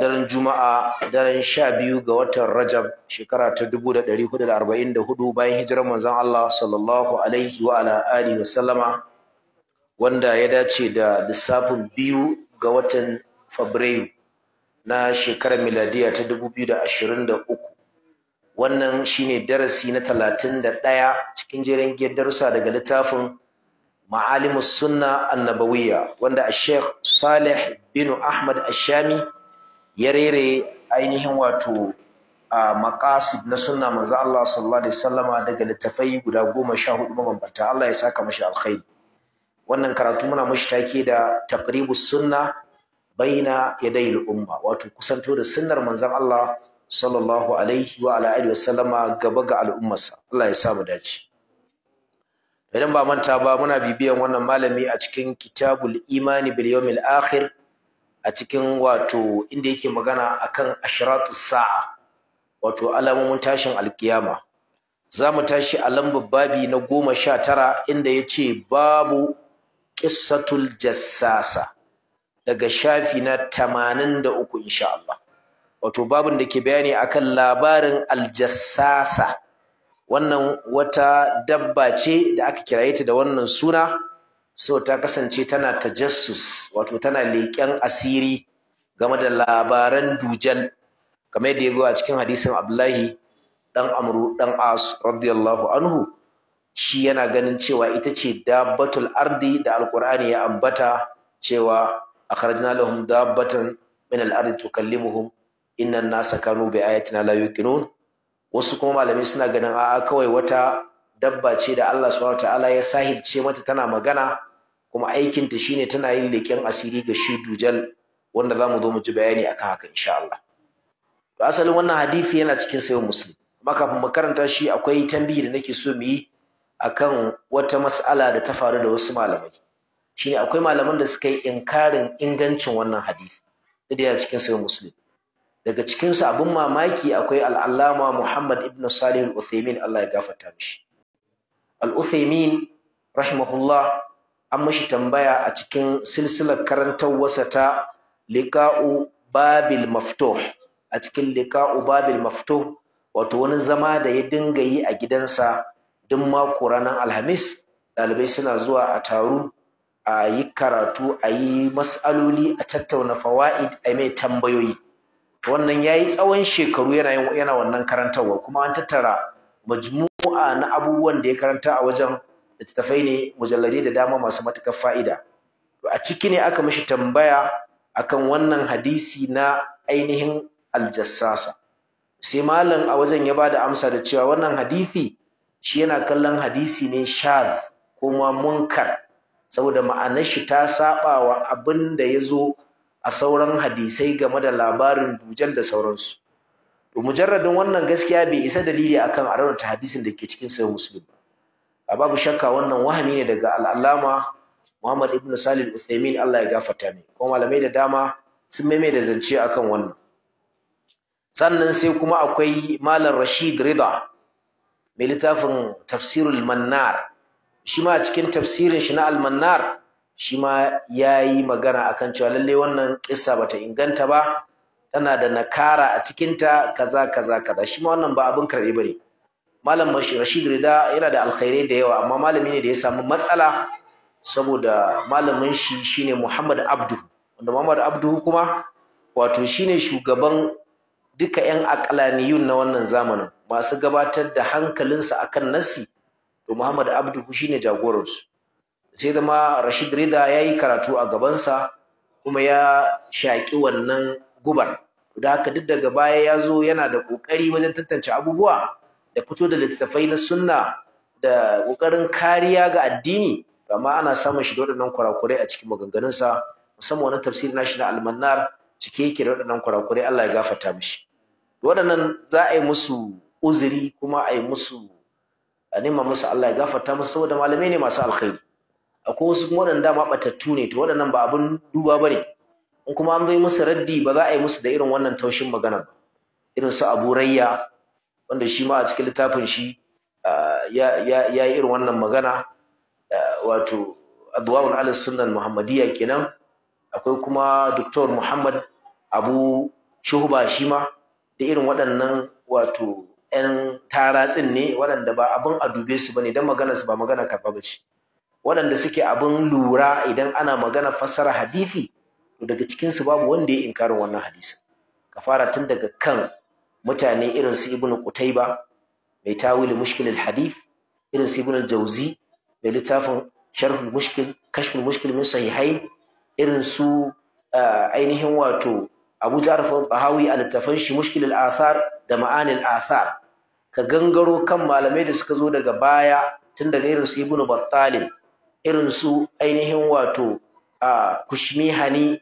daren juma'a daren sha biyu ga watan rajab shekara ta dubu da ɗari hudu da arba'in da hudu bayan hijirar manzon allah sallallahu alaihi wa ala alihi wa sallama wanda ya dace da lissafin biyu ga watan fabrairu na shekarar miladiya ta dubu biyu da ashirin da uku wannan shine darasi na talatin da ɗaya cikin jerin darussa daga littafin ma'alimus sunna annabawiyya wanda a sheikh salih bin ahmad ashami ya rere ainihin wato a makasid na sunna manzo Allah sallallahu alaihi wasallama daga littafai guda goma sha hudu mabambanta Allah ya saka mashi alkhairi wannan karatu muna mashi take da taqribus sunna baina yadayil umma wato kusanto da sunnar Manzan Allah sallallahu alaihi wa ala alihi wasallama gaba ga al'ummarsa Allah ya sa mu dace idan ba manta ba muna bibiyan wannan malami a cikin kitabul imani bil yawmil akhir a cikin wato inda yake magana akan ashratu sa'a wato alamomin tashin alkiyama za mu tashi a lambar babi na goma sha tara inda ya ce babu ƙissatul jassasa daga shafi na tamanin da uku insha Allah wato babin da ke bayani akan labarin aljassasa wannan wata dabba ce da aka kiraye ta da wannan suna so ta kasance tana tajassus wato tana leƙen asiri game da labaran dujal kamar yadda ya zo a cikin hadisin abdullahi dan amru dan as radiyallahu anhu shi yana ganin cewa ita ce dabbatul ardi da alqur'ani ya ambata cewa akhrajna lahum dabbatan min al-ardi tukallimuhum inna an-nasa kanu bi ayatina la yuqinun wasu kuma malamai suna ganin a'a kawai wata dabba ce da Allah subhanahu wataala ya sahilce mata tana magana kuma aikinta shine tana yin leken asiri ga shi dujal wanda zamu zo mu ji bayani akan haka insha Allah to asalin wannan hadisi yana cikin sayyid muslim amma kafin mu karanta shi akwai tambayi da nake so mu yi akan wata mas'ala da ta faru da wasu malamai shine akwai malaman da suka yi inkarin ingancin wannan hadisi da yana cikin sayyid muslim daga cikinsu abin mamaki akwai al'allama Muhammad ibn Salih al uthaymeen Allah ya gafarta mishi al-Uthaymin rahimahullah an mashi tambaya a cikin silsilar karantar wasa ta liqa'u babil maftuh a cikin liqa'u babil maftuh wato wani zama da ya dinga yi a gidansa duk mako ranar alhamis ɗalibai suna zuwa a taru a yi karatu a yi mas'aloli a tattauna fawa'id a mai tambayoyi wannan ya yi tsawon shekaru yana yana wannan karantarwa kuma an tattara majmu'a na abubuwan da ya karanta a wajen littattafai ne mujalladai da dama masu matukar fa'ida to a ciki ne aka mishi tambaya akan wannan hadisi na ainihin aljassasa sai malam a wajen ya bada amsa da cewa wannan hadisi shi yana kallon hadisi ne shadh ko ma munkar saboda ma'anar shi ta saba wa abin da ya zo a sauran hadisai game da labarin dujan da sauransu to mujarradin wannan gaskiya bai isa dalili akan a ta hadisin da ke cikin sahih muslim ba a babu shakka wannan wahami ne daga al'alama Muhammad ibn Salih al-Uthaymeen Allah ya gafarta ne ko malamai da dama sun maimai da zance akan wannan sannan sai kuma akwai malam Rashid Rida mai littafin tafsirul mannar shi ma cikin tafsirin shi na al-mannar shi ma yayi magana akan cewa lalle wannan kissa bata inganta ba tana da nakara a cikinta kaza kaza kaza shi ma wannan ba abin karbi bane malam Rashid Rida yana da alkhairai da yawa amma malami ne da ya samu matsala saboda malamin shi shine Muhammad Abdu wanda Muhammad Abdu kuma wato shine shugaban duka yan aqlaniyun na wannan zamanin masu gabatar da hankalinsa akan nasi to Muhammad Abdu shine jagoransu sai da ma Rashid Rida yayi karatu a gabansa kuma ya shaƙi wannan gubar da haka duk daga baya ya zo yana da ƙoƙari wajen tantance abubuwa da fito da littattafai na sunna da ƙoƙarin kariya ga addini amma ana samun shi da waɗannan kurakurai a cikin maganganunsa musamman wani tafsiri shi na almannar cike yake da waɗannan kurakurai Allah ya gafarta mishi waɗannan za a yi musu uzuri kuma a yi musu a nema musu Allah ya gafarta musu saboda malamai ne masu alkhairi akwai wasu kuma waɗanda ma ɓatattu ne to waɗannan ba abin duba ba ne in kuma an zai musu raddi ba za a yi musu da irin wannan taushin magana ba irin su Abu Rayya wanda shi ma a cikin littafin shi ya yi irin wannan magana wato adwa'un alis sunan muhammadiyya kenan akwai kuma doktor Muhammad Abu Shuhba shi ma da irin waɗannan wato 'Yan taratsin ne waɗanda ba abin a dube su ba ne don magana su ba magana karɓa ba ce waɗanda suke abin lura idan ana magana fassara hadisi to daga cikin su babu wanda ya inkarin wannan hadisi kafara tun daga kan mutane irin su ibnu qutayba mai tawili mushkil al-hadith irin su ibnu al-jawzi mai littafin sharh al-mushkil kashf al-mushkil min sahihain irin su eh, ainihin wato Abu jarfa tahawi a littafin shi mushkil al da ma'ani al ka gangaro kan malamai da suka zo daga baya tun daga irin su ibnu battalib irin su ainihin wato eh, kushmihani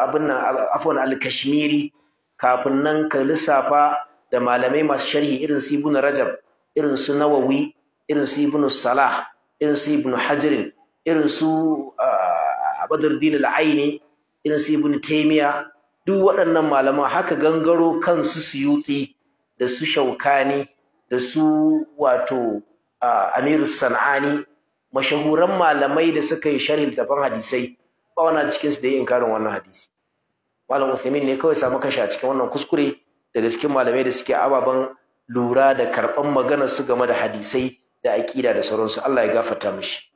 abin nan afwan al-kashmiri kafin nan ka lissafa da malamai masu sharhi irin su ibnu rajab irin su nawawi irin su ibnu salah irin su ibnu hajar irin su ah, badruddin al-aini irin su ibnu taymiya duk waɗannan malaman haka gangaro kan su suyuti da su shaukani da su wato ah, amiru san'ani mashahuran malamai da suka yi sharhi daban hadisai ba wani cikin su da yin karin wannan hadisi malam Uthaymeen ne kawai samu kashi a cikin wannan kuskure daga cikin malamai da suke ababen lura da karɓan magana su game da hadisai da aƙida da sauransu Allah ya gafarta mishi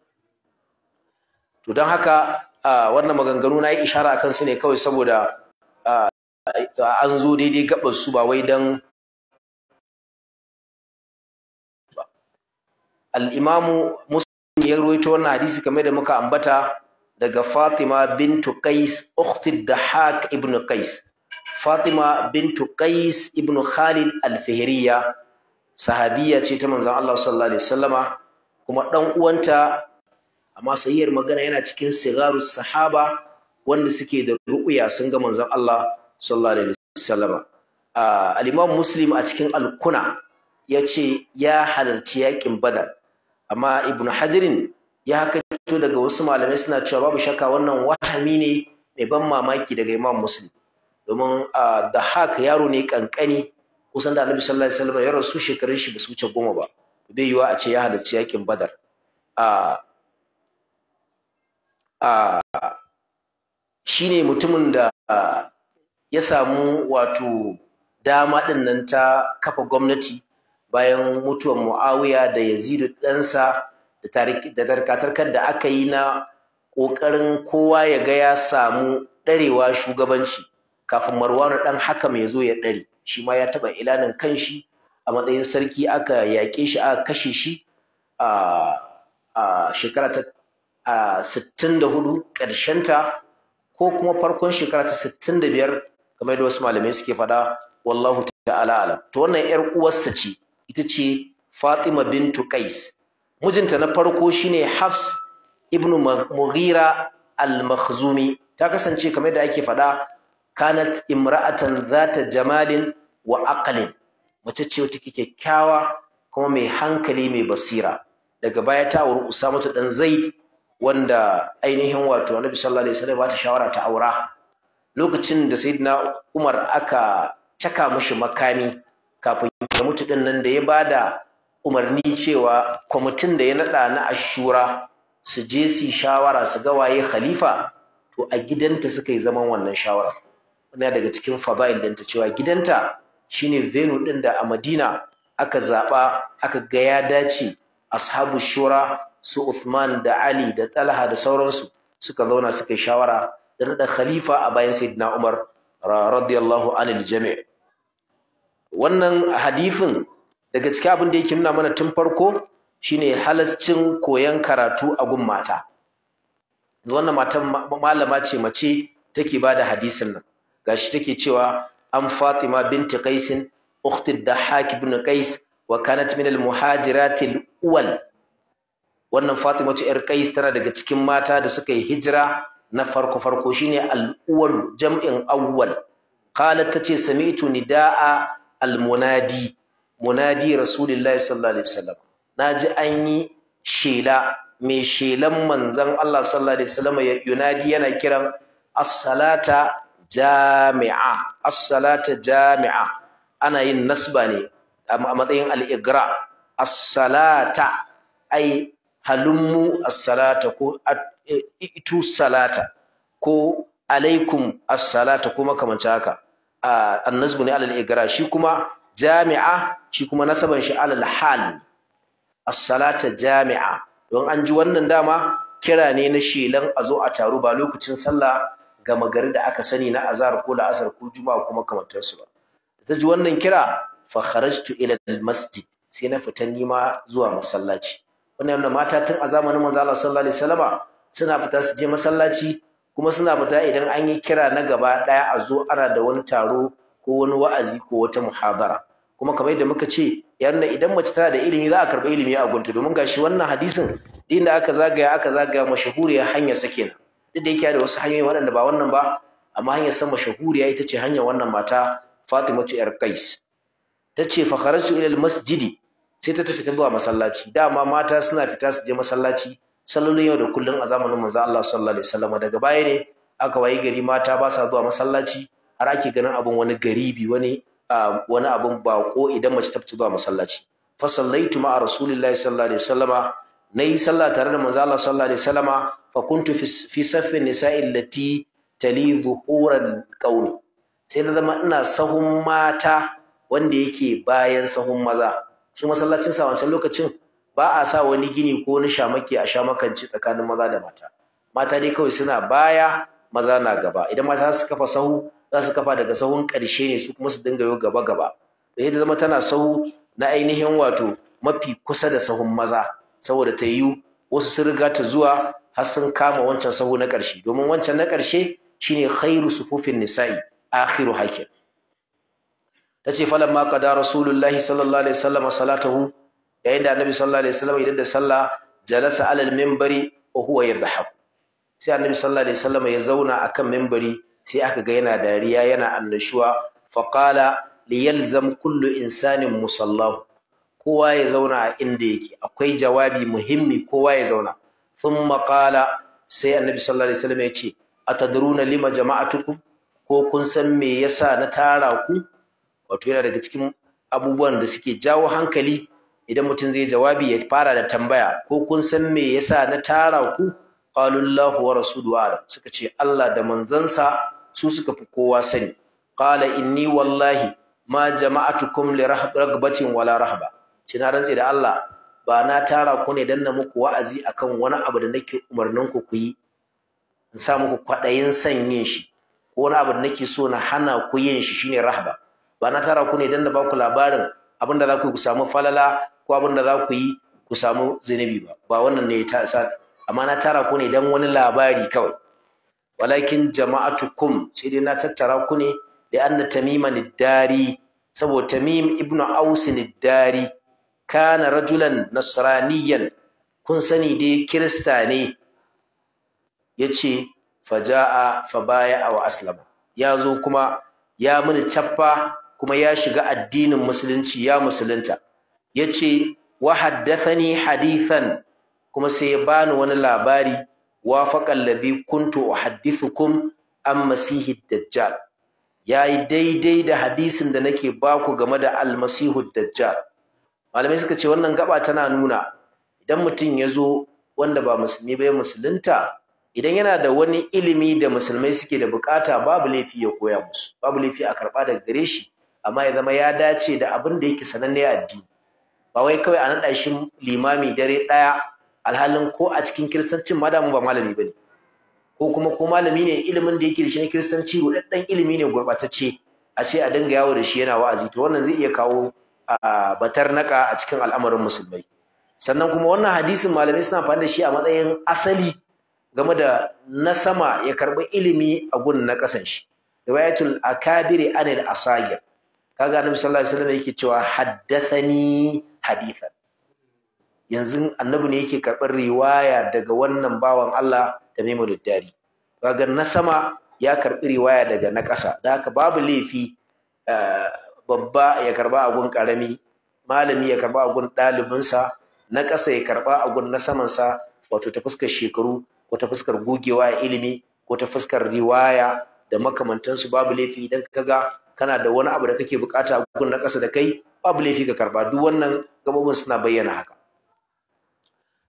to don haka wannan maganganu na yi ishara akan su ne kawai saboda an zo daidai gaɓar su ba wai don al'imamu imamu ya ruwaito wannan hadisi kamar da muka ambata daga Fatima bintu Qais da Dahak ibn Qais Fatima bintu Qais ibn Khalid al-Fihriya sahabiya ce ta manzon Allah sallallahu alaihi wasallama kuma dan uwanta amma sahihar magana yana cikin sigaru sahaba wanda suke da ru'ya sun ga manzon Allah sallallahu alaihi wasallama al-Imam Muslim a cikin al-Kuna yace ya halarci yakin Badar amma Ibn Hajarin ya haka to daga wasu malamai suna cewa babu shakka wannan wahami ne mai ban mamaki daga Imam Muslim domin da haka yaro ne kankani kusan da Annabi sallallahu alaihi wasallam ya rasu shekarun shi ba su wuce goma ba bai yiwa a ce ya halarci yakin Badar a a shine mutumin da ya samu wato dama din nan ta kafa gwamnati bayan mutuwar Muawiya da Yazid ɗansa da tarkatarkar da aka yi na ƙoƙarin kowa ya ga ya samu ɗarewa shugabanci kafin marwanu ɗan haka mai zo ya ɗare shi ma ya taɓa ilanin kanshi a matsayin sarki aka yaƙe shi aka kashe shi a shekara ta sittin da hudu ƙarshenta ko kuma farkon shekara ta sittin da biyar kamar yadda wasu malamai suke faɗa wallahu ta'ala alam to wannan 'yar uwarsa ce ita ce Fatima bintu Qais mijinta na farko shine Hafs ibn Mughira al-Makhzumi ta kasance kamar da ake faɗa kanat imra'atan zata jamalin wa aqlin mace ce wata kyakkyawa kuma mai hankali mai basira daga baya ta auri Usamatu dan Zaid wanda ainihin wato Annabi sallallahu alaihi wasallam ta shawara ta aura lokacin da Sayyidina Umar aka caka mishi makami kafin ya mutu din nan da ya bada umarni cewa kwamitin da ya naɗa na ashura su je su shawara su ga waye khalifa to a gidanta suka yi zaman wannan shawara ina daga cikin fadail ta cewa gidanta shine venue ɗin da a madina aka zaɓa aka ga ya dace ashabu shura su uthman da ali da talha da sauransu suka zauna suka yi shawara da naɗa khalifa a bayan sayyidina umar radiyallahu anil jami' wannan hadifin daga cikin abin da yake nuna mana tun farko shine halascin koyan karatu a gun mata wannan matan malama ce mace take bada hadisin nan gashi take cewa an Fatima binti Qais ukhti Dahhak ibn Qais wa kanat min al-muhajirat al-awwal wannan Fatima ce yar Qais tana daga cikin mata da suka yi hijira na farko farko shine al-awwal jam'in awwal qalat tace sami'tu nidaa al-munadi munadi rasulillahi sallallahu alaihi wasallam naji an yi shela mai shelan manzon Allah sallallahu alaihi wasallam ya yunadi yana kiran as-salata jami'a as-salata jami'a ana yin nasba ne a matsayin al-igra as-salata ai halummu as-salata ko e, itu salata ko alaikum as-salata ko makamancin haka annasbu ne alal igra shi kuma jami'a shi kuma nasaban shi alal hal as-salata jami'a don an ji wannan dama kira ne na shelan a zo a taru ba lokacin sallah ga magari da aka sani na azhar ko la'asar ko juma'a kuma kamantar su ba ta ji wannan kira fa kharajtu ila al-masjid sai na fita nima zuwa masallaci wannan yana mata tun a zamanin manzo Allah sallallahu alaihi wasallama suna fita su je masallaci kuma suna fita idan an yi kira na gaba daya a zo ana da wani taro ko wani wa'azi ko wata muhabara kuma kamar yadda muka ce yanda idan mace tana da ilimi za a karɓi ilimi a gunta domin gashi wannan hadisin din da aka zagaya aka zagaya mashahuriya hanya sake duk da yake da wasu hanyoyi waɗanda ba wannan ba amma hanyar san mashahuriya ita ce hanyar wannan mata Fatimatu yar Qais tace fa kharajtu ila masjidi sai ta tafi ta zuwa masallaci dama mata suna fita su je masallaci sallolin yau da kullun a zamanin manzo Allah sallallahu alaihi wasallam daga baya ne aka wayi gari mata ba sa zuwa masallaci har ake ganin abin wani garibi wani wani abin bako idan mace ta fito zuwa masallaci fa sallaitu ma'a rasulillahi sallallahu alaihi wasallama nayi sallah tare da manzo Allah sallallahu alaihi wasallama fa kuntu fi saffin nisa'i allati tali sai na zama ina sahun mata wanda yake bayan sahun maza su masallacin sa wancan lokacin ba a sa wani gini ko wani shamaki a shamakanci tsakanin maza da mata mata dai kawai suna baya maza na gaba idan mata suka kafa sahu za su kafa daga sahun ƙarshe ne su kuma su dinga yau gaba gaba da yadda zama tana sahu na ainihin wato mafi kusa da sahun maza saboda ta yiwu wasu sun riga ta zuwa har sun kama wancan sahu na ƙarshe domin wancan na ƙarshe shine khairu sufufin nisa'i akhiru hakim tace ma qada rasulullahi sallallahu alaihi wasallam salatahu yayin da annabi sallallahu alaihi wasallam idan da sallah jalasa alal minbari wa huwa yadhahab sai annabi sallallahu alaihi wasallam ya zauna akan minbari sai aka ga yana dariya yana annashuwa faqala liyalzam kullu insanin musallahu kowa ya zauna a inda yake akwai jawabi muhimmi kowa ya zauna thumma qala sai annabi sallallahu alaihi wasallam ya ce atadruna lima jama'atukum ko kun san me yasa na tara ku wato yana daga cikin abubuwan da suke jawo hankali idan mutum zai jawabi ya fara da tambaya ko kun san me yasa na tara ku qalullahu wa rasuluhu suka ce Allah da manzansa su suka fi kowa sani qala inni wallahi ma jama'atukum li ragbatin wala rahba Cina rantsi rantse da Allah ba na tara ku ne dan na muku wa'azi akan wani abu da nake umarnin ku yi in sa muku kwadayin san yin shi ko wani abu da nake so na hana ku yin shi shine rahba ba na tara ku ne dan ba ku labarin abin za ku samu falala ko abin da za ku yi ku samu zunubi ba ba wannan ne ya ta amma na tara ku ne dan wani labari kawai walakin jama'atukum sai dai na tattara ku ne da anna tamima niddari saboda tamim ibnu aus niddari kana rajulan nasraniyan kun sani dai kirista ne yace faja'a fabaya aw aslama ya zo kuma ya muni cappa kuma ya shiga addinin musulunci ya musulunta yace wa haddathani hadithan kuma sai ya bani wani labari wafaqa alladhi kuntu uhaddithukum an masihi dajjal yayi daidai da hadisin da nake baku game da almasihu dajjal malamai suka ce wannan gaba tana nuna idan mutum ya zo wanda ba musulmi ba ya musulunta idan yana da wani ilimi da musulmai suke da bukata babu laifi ya koya musu babu laifi a karɓa daga gare shi amma ya zama ya dace da abin da yake sananne addini ba wai kawai a naɗa shi limami dare ɗaya alhalin ko a cikin kiristancin ma damu ba malami bane ko kuma ko malami ne ilimin da yake da shi na kiristanci ilimi ne gurbatacce a ce a dinga yawo da shi yana wa'azi to wannan zai iya kawo batar naka a cikin al'amarin musulmai sannan kuma wannan hadisin malamai suna amfani da shi a matsayin asali game da na sama ya karɓi ilimi a gun na kasan shi riwayatul akabiri anil asagir kaga annabi sallallahu alaihi wasallam yake cewa haddathani hadithan yanzu annabi ne yake karɓar riwaya daga wannan bawan Allah ta Tamimu dari. kaga na sama ya karɓi riwaya daga na ƙasa da haka babu laifi eh, babba ya karɓa a gun ƙarami malami ya karɓa a gun ɗalibinsa na ƙasa ya karɓa a gun na samansa wato ta fuskar shekaru ko ta fuskar gogewa ilimi ko ta fuskar riwaya da makamantansu babu laifi idan ka ga kana da wani abu da kake bukata a na ƙasa da kai babu laifi ka karɓa duk wannan gabobin suna bayyana haka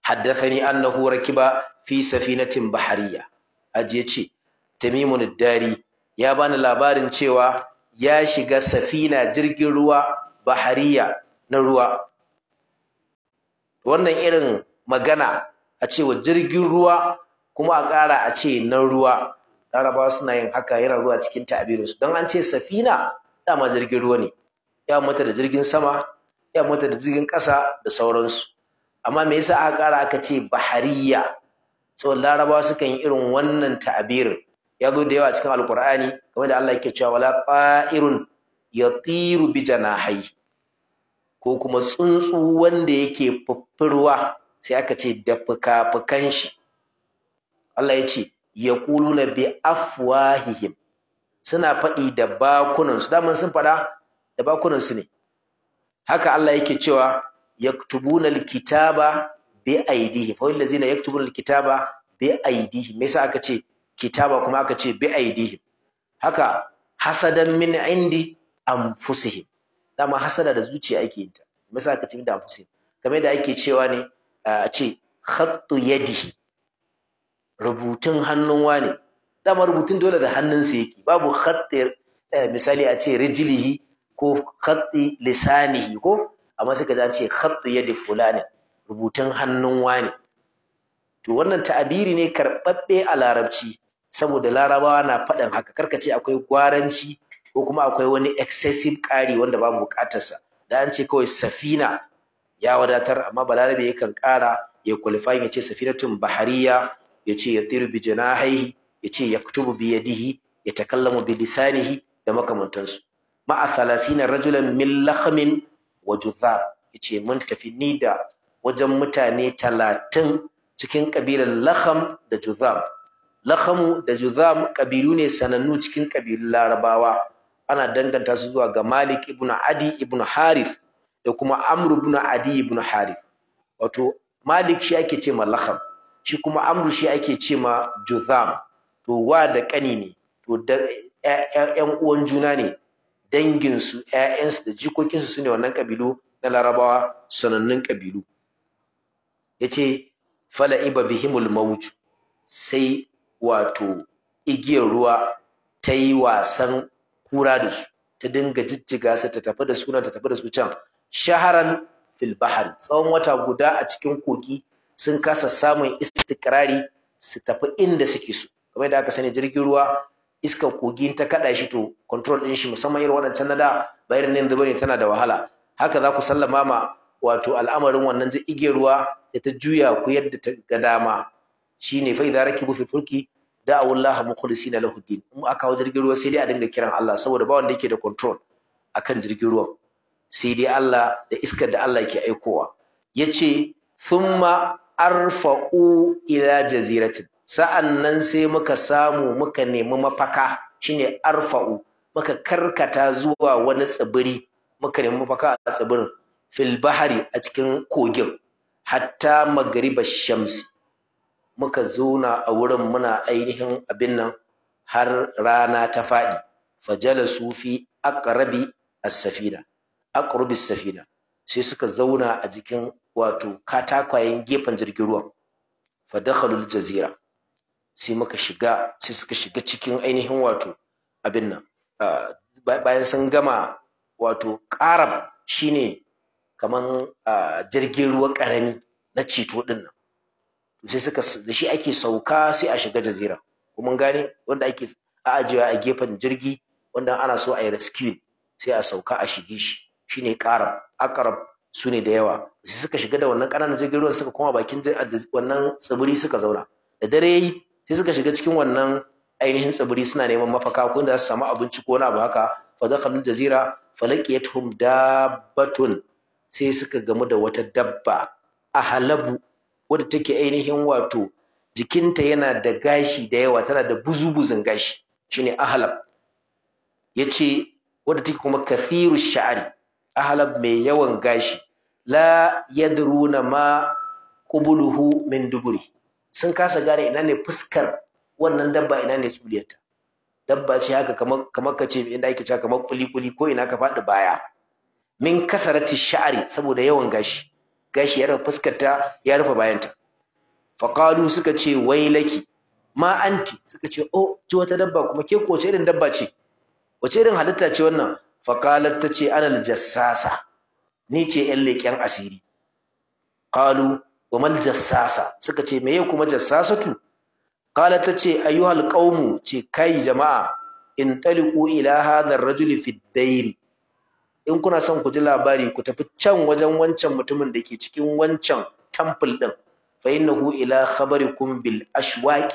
haddathani annahu rakiba fi safinatin bahariya aje ce tamimun dari ya bani labarin cewa ya shiga safina jirgin ruwa bahariya na ruwa wannan irin magana a cewa jirgin ruwa kuma a ƙara a ce na ruwa larabawa suna yin haka yana ruwa cikin ta'abirinsu don an ce safina dama jirgin ruwa ne ya mata da jirgin sama ya mata da jirgin ƙasa da sauransu amma me yasa aka ƙara aka ce bahariya so larabawa sukan yi irin wannan ta'abirin ya zo da yawa cikin alqur'ani game da Allah yake cewa wala ta'irun yatiru bi janahi ko kuma tsuntsu wanda yake fuffurwa sai aka ce da fuka shi Allah ya ce yaquluna bi afwahihim suna faɗi da bakunansu daman sun faɗa da bakunansu ne haka Allah yake cewa yaktubuna alkitaba bi aidihi fa wallazina yaktubuna alkitaba bi aidihi me yasa aka ce kitaba kuma aka ce bi aidihi haka hasadan min indi anfusihim dama hasada da zuciya ake yin ta me yasa aka ce da anfusihim kamar da ake cewa ne a ce khattu yadihi rubutun hannun wani dama rubutun dole da hannunsa yake babu khatti eh, misali a ce rijlihi ko khatti lisanihi ko amma sai zan ce khattu yadi fulani rubutun hannun wani to wannan ta'abiri ne karɓaɓɓe a larabci saboda larabawa na faɗan haka karka ce akwai gwaranci ko kuma akwai wani excessive kari wanda babu buƙatarsa da an ce kawai safina ya wadatar amma balarabe yakan ƙara ya qualify ya ce safinatun bahariya ya ce ya tiru bi janahihi ya ce ya kutubu bi yadihi ya takallamu bi lisanihi da makamantansu ma'a 30 rajulan min lakhmin wa Juthab yace mun tafi ni da wajen mutane talatin cikin kabilar Laham da juzam Lahamu da juzam kabilu ne sanannu cikin kabilun Larabawa ana danganta su zuwa ga Malik ibn Adi ibn Harith da kuma Amru, ibn Adi ibn Harith wato Malik shi ake ce ma Laham shi kuma Amru shi ake ce ma Juthab to wa da kani ne to da ƴan uwan juna ne danginsu ‘ya'yansu da jikokinsu su ne wannan ƙabilu na larabawa sanannun ƙabilu ya ce iba bihimul mawuju sai wato igiyar ruwa ta yi wasan kura da su ta dinga jijjiga su ta tafi da su nan ta tafi da su can shaharan fil bahari tsawon wata guda a cikin koki sun kasa samun istikrari su tafi inda suke so kamar da aka sani jirgin ruwa iskar kogi ta kada shi to control din shi musamman irin waɗancan na da ba irin da bane tana da wahala haka za ku sallama ma wato al'amarin wannan igiyar ruwa da ta juya ku yadda ta ga dama shine fa idza rakibu fi fulki da'u Allah mukhlisina lahu din in aka hawo jirgin ruwa sai dai a dinga kiran Allah saboda ba wanda yake da control akan jirgin ruwa sai dai Allah da iskar da Allah ke aikowa yace thumma arfa'u ila jaziratin sa'an nan sai muka samu muka nemi mafaka shine arfa'u muka karkata zuwa wani tsibiri muka nemi mafaka a tsibirin fil bahari a cikin kogin hatta magariba shamsi muka zauna a wurin muna ainihin abin nan har rana ta faɗi fajala Sufi aqrabi as-safina aqrabi as-safina sai suka zauna a jikin wato katakwayen gefen jirgin ruwan fadakhalul jazira sai muka shiga sai suka shiga cikin ainihin wato abin nan bayan sun gama wato ƙarab shine kaman jirgin ruwa ƙarami na ceto ɗin nan sai suka da shi ake sauka sai a shiga jazira kuma gane wanda ake ajiyewa a gefen jirgi wanda ana so a yi rescue sai a sauka a shige shi shine ƙaram. akarab su ne da yawa sai suka shiga da wannan ƙananan jirgin ruwan suka koma bakin wannan tsibiri suka zauna da dare yayi sai suka shiga cikin wannan ainihin tsibiri suna neman mafaka ko da su samu abinci ko na ba haka fa dakhalul jazira falaqiyatuhum dabbatun sai suka gamu da wata dabba Ahalabu, wadda take ainihin wato jikinta yana da gashi da yawa tana da buzubuzun gashi shine ahlab yace wadda take kuma kathiru sha'ari ahlab mai yawan gashi la yadruna ma qubuluhu min duburi sun kasa gane ina ne fuskar wannan dabba ina ne suliyarta dabba ce haka kamar kamar ka ce inda ake cewa kamar kulikuli ko ina ka faɗi baya min kasarati sha'ari saboda yawan gashi gashi ya rufe fuskar ta ya rufe bayanta faqalu suka ce wailaki ma anti suka ce oh ji wata dabba kuma ke ko ce irin dabba ce wace irin halitta ce wannan faqalat ta ce ana jassasa ni ce yan leƙen asiri qalu wa jassasa suka ce meye kuma jassasatu qala ta ce ayyuhal qaumu ce kai jama'a in taliqu ila hadha ar-rajuli fi dairi in kuna son ku ji labari ku tafi can wajen wancan mutumin da ke cikin wancan temple din fa innahu ila khabarikum bil ashwaq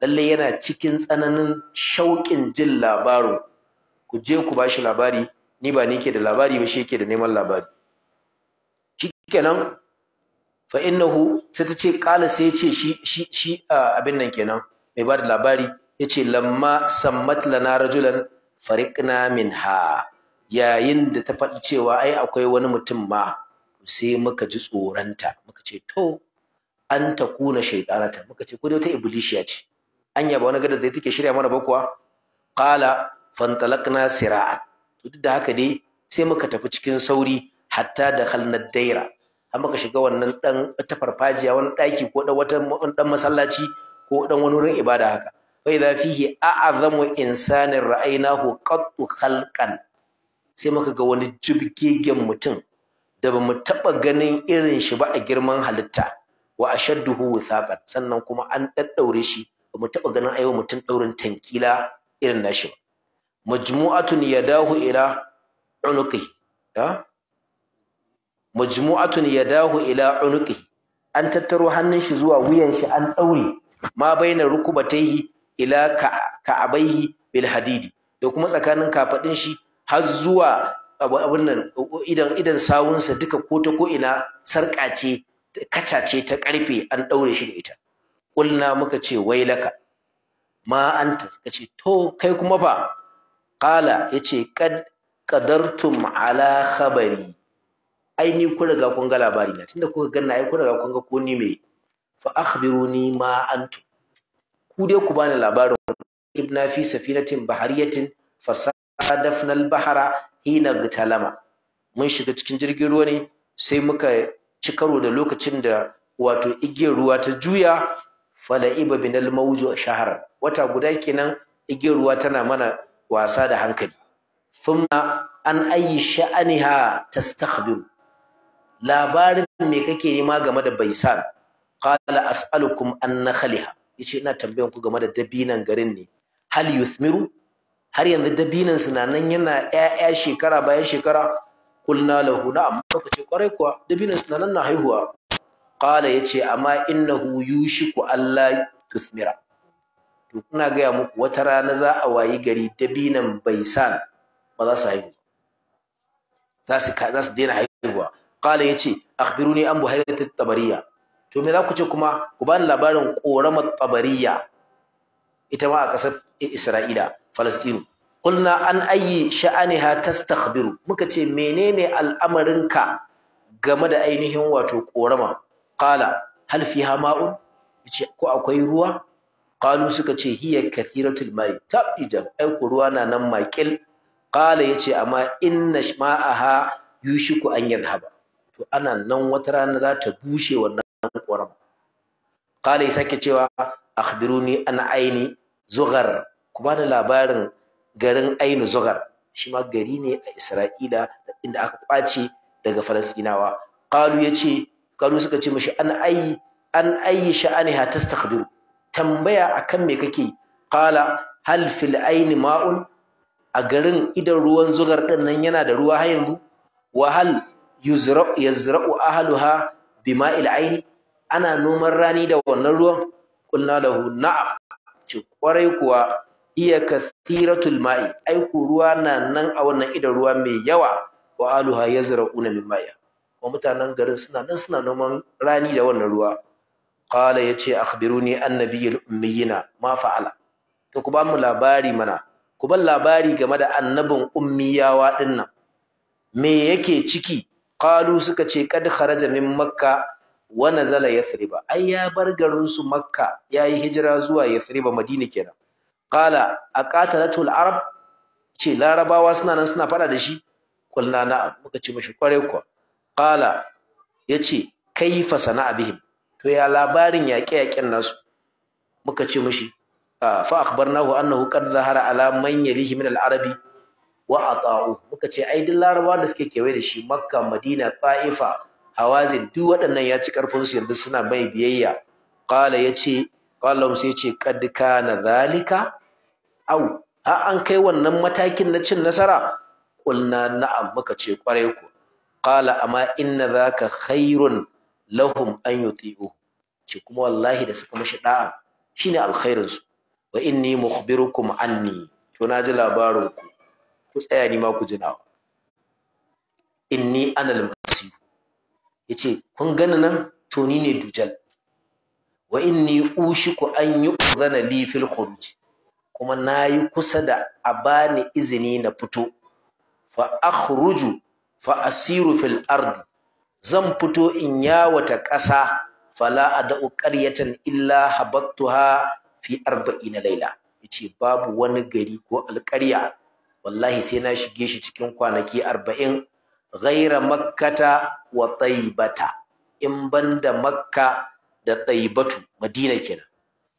lalle yana cikin tsananin shauƙin jin labarin ku je ku bashi labari ni ba ni ke da labari ba shi yake da neman labari shikenan fa innahu sai ta ce qala sai ce shi shi shi abin nan kenan mai bada labari yace lamma sammat lana rajulan fariqna minha yayin da ta faɗi cewa ai akwai wani mutum ma sai muka ji tsoronta muka ce to an ta kuna shaidanata muka ce ko dai wata iblishiya ce an yaba wani gada da take shirya mana bakwa qala fantalaqna sira'an to duk da haka dai sai muka tafi cikin sauri hatta da daira an maka shiga wannan dan ta farfajiya wani daki ko dan wata dan masallaci ko dan wani wurin ibada haka fa idza fihi a'azamu insanin ra'aynahu qattu khalqan sai muka ga wani jibgegen mutum da bamu taba ganin irin shi ba a girman halitta wa ashadduhu wuthaqan sannan kuma an daddaure shi bamu taba ganin ayo mutum daurin tankila irin nashi ba majmu'atun yadahu ila unuqihi ya majmu'atun yadahu ila unuqi an tattaro hannun shi zuwa wuyan shi an daure ma baina rukubatayhi ila ka'abaihi bil hadidi da kuma tsakanin kafadin shi har zuwa abun nan idan idan sawunsa duka ko ta ko ina sarkace kacace ta karfe an daure shi da ita kulna muka ce wailaka ma anta kace to kai kuma fa qala yace qad qadartum ala khabari ai ni kun riga kun ga labari na tunda kuka ganna ai kun riga kun ga ko ni me fa akhbiruni ma antu ku dai ku bani labarin ibna fi safinatin bahariyatin fasadafna al-bahra hina gitalama mun shiga cikin jirgin ruwa ne sai muka ci karo da lokacin da wato igiyar ruwa ta juya fala'iba binal mawju shahar wata guda kenan igiyar ruwa tana mana wasa da hankali thumma an ayi sha'aniha tastakhbiru labarin me kake nema game da baisan qala as'alukum an nakhliha yace ina tambayan ku game da dabinan garin ne hal yuthmiru har yanzu dabinan suna nan yana ƴaƴa shekara bayan shekara kulna lahu na'am muka ce kwarai kuwa dabinan suna nan na haihuwa qala yace amma innahu yushiku alla tuthmira to kuna gaya muku wata rana za a wayi gari dabinan baisan ba za su haihu za su daina haihu qala yace akhbiruni an buhairat tabariya to me za ku ce kuma ku bani labarin ƙoramar tabariya ita ma a ƙasar Isra'ila Falastinu kulna an ayi sha'aniha tastakhbiru muka ce menene al'amarinka game da ainihin wato ƙorama kala hal fiha ma'un yace ko akwai ruwa qalu suka ce hiya kathiratul mai tabija ai ko ruwa na nan makil qala yace amma inna shma'aha yushiku an yadhhaba to ana nan wata rana za ta bushe wannan ƙoram kala ya sake cewa akhbiruni an aini zugar kuma da labarin garin Aini zugar shi ma gari ne a Isra'ila inda aka kwace daga Kalu ya ce Kalu suka ce mashi an ayi an ayi ta tastakhbiru tambaya akan me kake Kala, hal fil aini ma'un a garin idan ruwan zugar din nan yana da ruwa har yanzu Wahal. yazra'u ahluha bima'il aini ana noman rani da wannan ruwan qulna da na'am ce kwarai kuwa iya kathiratul ma'i aiku ruwa na nan a wannan idan ruwa mai yawa wa ahluha na min ma'i kuma mutanen garin suna nan suna noman rani da wannan ruwa qala yace akhbiruni annabiyul ummiyina ma fa'ala to ku ba mu labari mana ku ban labari game da annabin ummiyawa dinnan me yake ciki qalu suka ce kad kharaja min makka wa nazala yathriba ai ya bar garin su makka yayi hijira zuwa yathriba madina kenan qala aqatalatu al-arab ce larabawa suna nan suna fada da shi kulna na muka ce mishi kware kuwa qala yace kaifa sana'a bihim to ya labarin yaƙe-yaƙen nasu muka ce mishi fa akhbarnahu annahu qad zahara ala man yalihi min al-arabi wa ata'u muka ce ai duk larabawa da suke kewaye da shi makka madina ta'ifa hawazin duk waɗannan ya ci karfin su yanzu suna mai biyayya qala yace qala sai yace qad kana zalika au har an kai wannan matakin na cin nasara qulna na'am muka ce kwarai ku qala amma inna zaka khairun lahum an yuti'u ce kuma wallahi da suka mashi da'a shine alkhairin su wa inni mukhbirukum anni to na ji labarin ku ku tsaya ni ma ku ji nawa inni anal masih yace kun gani nan to ni ne dujal wa inni ushiku an yu'zana li fil khuruj kuma nayi kusa da a bani izini na fito fa akhruju fa asiru fil ardi zan fito in yawata ƙasa fala adau qaryatan illa habattuha fi arba'ina laila yace babu wani gari ko alƙarya wallahi sai na shige shi cikin kwanaki arba'in ghaira makkata wa taibata in banda makka da taibatu madina kenan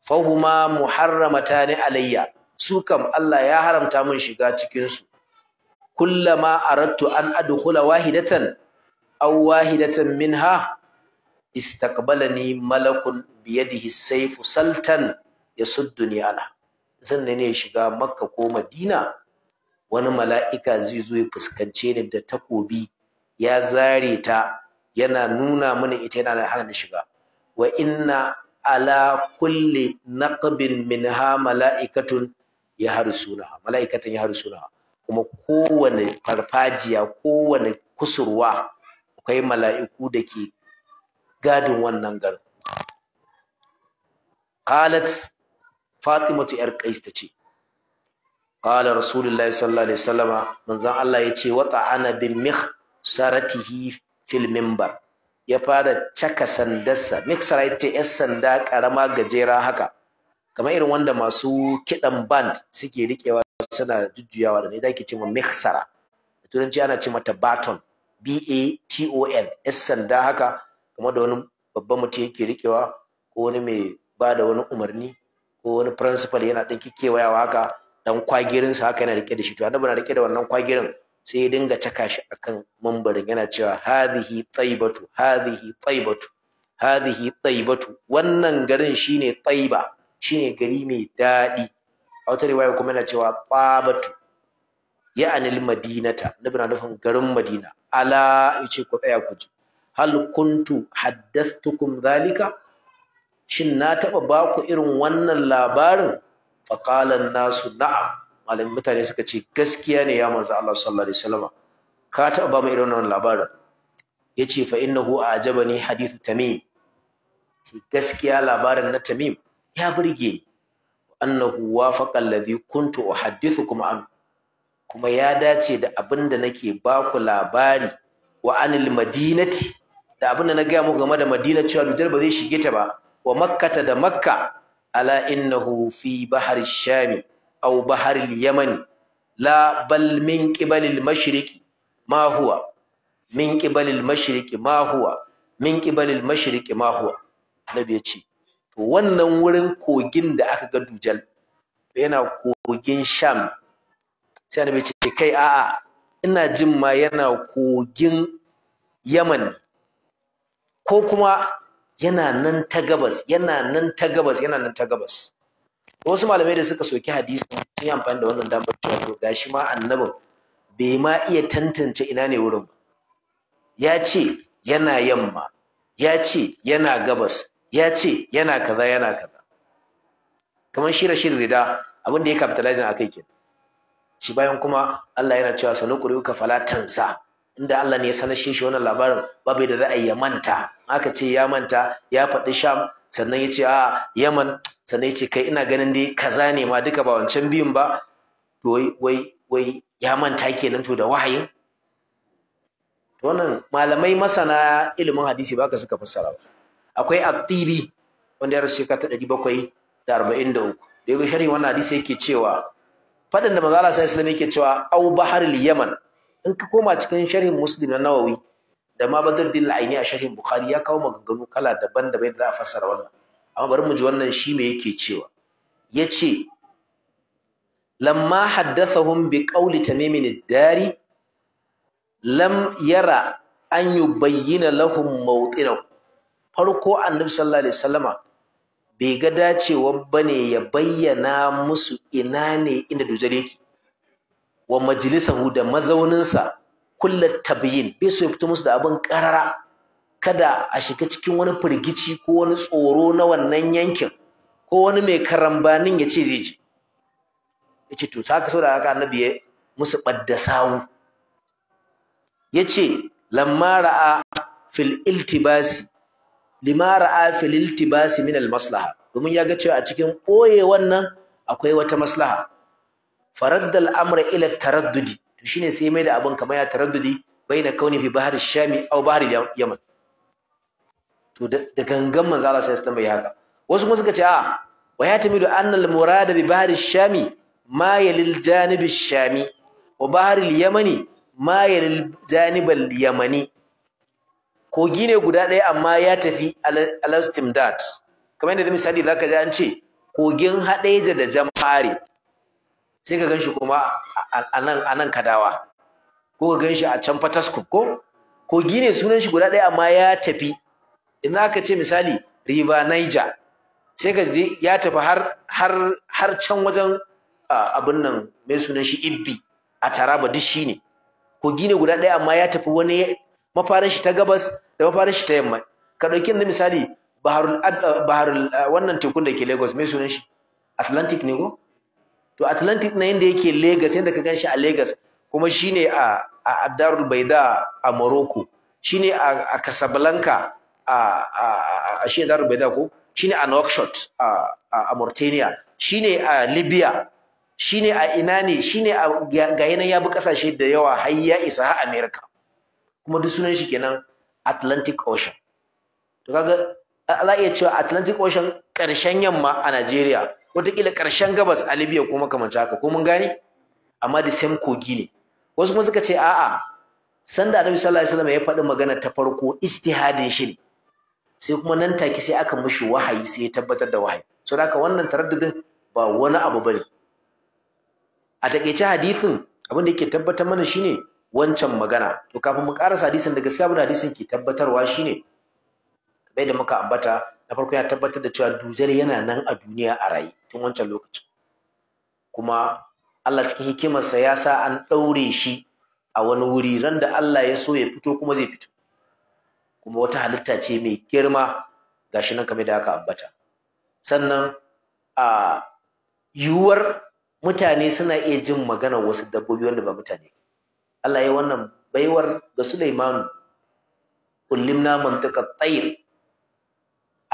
fahuma muharramatani alayya su kam Allah ya haramta min shiga cikin su kullama aradtu an adkhula wahidatan aw wahidatan minha istaqbalani malakun yadihi sayfu saltan yasudduni ala zan ne shiga makka ko madina wani mala'ika zai zo ya fuskance ni da takobi ya zare ta yana nuna mana ita yana hana ni shiga wa inna ala kulli naqbin minha mala'ikatun ya harsuna mala'ikatan ya harsuna kuma kowane farfajiya kowane kusurwa akwai mala'iku da ke gadin wannan garin qalat fatimatu yar qais ce. qala rasulullahi sallallahu alaihi wasallama manzon Allah ya ce wa ana bi mikhsaratihi fil minbar ya fara caka sandarsa mixer ita yar sanda karama gajera haka Kama irin wanda masu kiɗan band suke rikewa suna jujjuyawa da ne da ke ce ma mixara da turanci ana ce mata baton B A T O N yar sanda haka kamar da wani babban mutum yake rikewa ko wani mai ba da wani umarni ko wani principal yana ɗan kewayawa haka dan kwagirinsa haka yana rike da shi to annabi na rike da wannan kwagirin sai ya dinga caka shi akan mambarin yana cewa hadhihi taibatu hadhihi taibatu hadhihi taibatu wannan garin shine taiba shine gari mai daɗi a wata riwaya kuma yana cewa tabatu ya'ani al-madinata annabi na nufin garin madina ala yace ku tsaya ku ji hal kuntu haddathtukum dhalika shin na taɓa ba ku irin wannan labarin faƙalan nasu na'am malamin mutane suka ce gaskiya ne ya manzo Allah sallallahu alaihi wasallam ka taɓa ba mu irin wannan labarin yace fa innahu ajabani hadithu tamim Ki gaskiya labarin na tamim ya burge ni annahu wafaqa alladhi kuntu uhaddithukum an kuma ya dace da abinda nake ba ku labari wa anil madinati da abinda na gaya muku game da madina cewa dujar ba zai shige ta ba wa makkata da makka ala innahu fi bahar shami aw bahar yaman la bal min qibal al mashriq ma huwa min qibal al mashriq ma huwa ya ce to wannan wurin kogin da aka ga dujal yana kogin sham sai annabi ya ce kai a'a ina jin ma yana kogin yaman ko kuma yana nan ta gabas yana nan ta gabas yana nan ta gabas wasu malamai da suka soki hadisi sun yi amfani da wannan damar cewa to gashi ma annabin bai ma iya tantance ina ne wurin ya ce yana yamma ya ce yana gabas ya ce yana kaza yana kaza kamar shi Rashid Rida abin da ya capitalizing akai kenan shi bayan kuma Allah yana cewa sanuqriuka fala tansa inda Allah ne ya sanar shi wannan labarin babu da za'a ya manta aka ce ya manta ya faɗi sham sannan ya ce a yaman sannan ya ce kai ina ganin dai kaza ne ma duka ba wancan biyun ba to wai wai ya manta kenan to da wahayin to wannan malamai masana ilimin hadisi baka suka fassara ba akwai at-tibi wanda ya rasu shekara ta ɗari bakwai da arba'in sharhi wannan hadisi yake cewa faɗin da manzo Allah sallallahu alaihi wasallam yake cewa au baharil yaman in ka koma cikin sharhin muslim na nawawi da ma badar al-aini a sharhin bukhari ya kawo maganganu kala daban-daban da za a fassara wannan amma bari mu ji wannan shi me yake cewa yace lamma haddathahum bi qawli tamimin ad-dari lam yara an yubayyana lahum mawtinahu farko annabi sallallahu alaihi wasallama bai ga dacewa bane ya bayyana musu ina ne inda dujare yake wa majlisahu da mazauninsa kullu tabyin bai so ya fito musu da abin karara kada a shiga cikin wani firgici ko wani tsoro na wannan yankin ko wani mai karambanin ya ce zai ji ya ce to saka so da haka annabi ya musu ɓadda sawu yace ce lamma ra'a fil iltibasi lima ra'a fil iltibasi min al maslaha domin ya ga cewa a cikin ɓoye wannan akwai wata maslaha faradda al'amra ila taraddudi to shine sai mai da abin kamar ya taraddudi baina kauni fi bahar shami aw bahar yaman to da gangan manzo Allah sai bai haka wasu kuma suka ce a wa yatamidu anna al-murada bi bahar shami ma yalil janib shami wa bahar al-yamani kogi ne guda ɗaya amma ya tafi alastimdat kamar yadda misali zaka ji an ce kogin haɗeja da jan jama'are sai ka ganshi kuma a nan ka dawa, kadawa ko ka ganshi a can fatasku ko kogi ne sunan shi guda ɗaya amma ya tafi ina aka ce misali river niger sai ka je ya tafi har har har can wajen abin nan mai sunan shi ibbi a taraba duk shi ne kogi ne guda ɗaya amma ya tafi wani mafarin shi ta gabas da mafarin shi ta yamma ka ɗauki yanzu misali baharul wannan tekun da ke lagos mai sunan shi atlantic ne ko to atlantic na yanda yake lagos yanda ka ganshi a lagos kuma shine a a darul baida a morocco shine a, a casablanca a a, a shine darul baida ko shine a nouakchott a, a mauritania shine a libya shine a ina ne shine a ga ya bi kasashe da yawa har ya isa har america kuma duk sunan shi kenan atlantic ocean to kaga za a iya cewa atlantic ocean ƙarshen yamma a nigeria wataƙila karshen gabas a Libya ko makamanta haka ko mun gane amma da same kogi ne wasu kuma suka ce a'a sanda Annabi sallallahu alaihi wasallam ya faɗi magana ta farko istihadin shi ne sai kuma nan take sai aka mushi wahayi sai ya tabbatar da wahayi so haka wannan taraddudin ba wani abu bane a takeice hadisin abin da yake tabbatar mana shine wancan magana to kafin mu karasa hadisin da gaskiya bin hadisin ke tabbatarwa shine bai da muka ambata na farko ya tabbatar da cewa dujal yana nan a duniya a raye tun wancan lokacin kuma Allah cikin hikimarsa ya sa an ɗaure shi a wani wuri ran da Allah ya so ya fito kuma zai fito kuma wata halitta ce mai girma gashi nan kamar da aka ambata sannan a yiwuwar mutane suna iya jin maganar wasu dabbobi wanda ba mutane Allah ya wannan baiwar ga Sulaimanu kullimna mantiqa tsayin.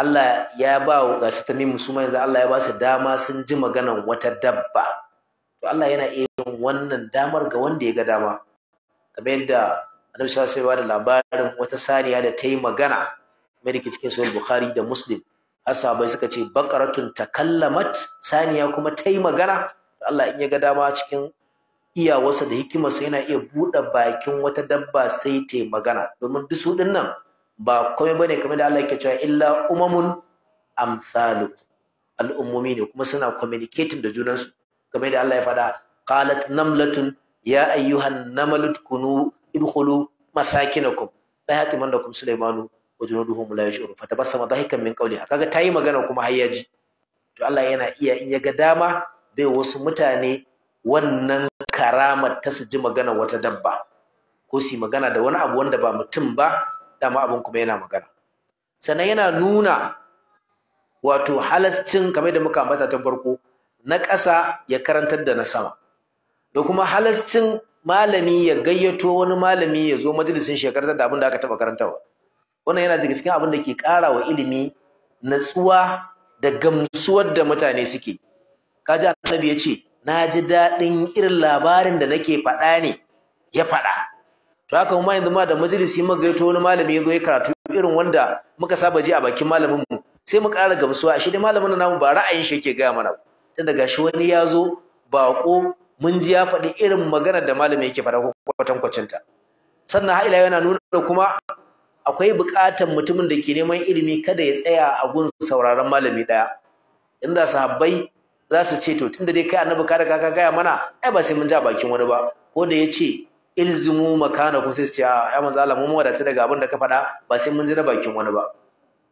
Allah ya ba ga su tamimu su yanzu Allah ya ba su dama sun ji maganan wata dabba to Allah yana iya yin wannan damar ga wanda ya ga dama kamar yadda Annabi sallallahu alaihi wasallam da labarin wata saniya da ta yi magana mai dake cikin sahih Bukhari da Muslim asabai suka ce baqaratun takallamat saniya kuma ta yi magana To Allah in ya ga dama cikin iyawarsa da hikimarsa yana iya buɗe bakin wata dabba sai ta yi magana domin duk su nan ba komai bane kamar da Allah yake cewa illa umamun amsalu al'ummomi ne kuma suna communicating da junansu kamar da Allah ya fada qalat namlatun ya ayyuhan namalut kunu idkhulu masakinakum la yatimannakum sulaymanu wa junuduhum la yashurun fatabassama dahikan min qawliha kaga tayi magana kuma har yaji to Allah yana iya in ya ga dama bai wasu mutane wannan karamar ta su ji magana wata dabba ko su magana da wani abu wanda ba mutum ba dama abin kuma yana magana sannan yana nuna wato halascin kamar da muka ambata ta farko na ƙasa ya karantar da na sama da kuma halascin malami ya gayyato wani malami ya zo majalisin shi ya karantar da abin da aka taɓa karantawa wannan yana daga cikin abin da ke ƙara wa ilimi natsuwa da gamsuwar da mutane suke kaji annabi ya ce na ji daɗin irin labarin da nake faɗa ne ya faɗa to haka kuma yanzu ma da majalisi muka gaito wani malami yazo ya karatu irin wanda muka saba ji a bakin malamin mu sai mu ƙara gamsuwa shi dai malamin namu ba ra'ayin shi yake gaya mana tun daga shi wani ya zo baƙo mun ji ya faɗi irin maganar da malami yake faɗa kwatan kwacinta sannan ila yana nuna kuma akwai buƙatar mutumin da ke neman ilimi kada ya tsaya a gun sauraron malami ɗaya inda sahabbai za su ce to tunda dai kai annabi ka riga ka gaya mana ai ba sai mun a bakin wani ba ko da ya ce ilzimu ku sai su ce ah, ya manzo Allah mun wadata daga abin da ka faɗa ba sai mun ji na bakin wani ba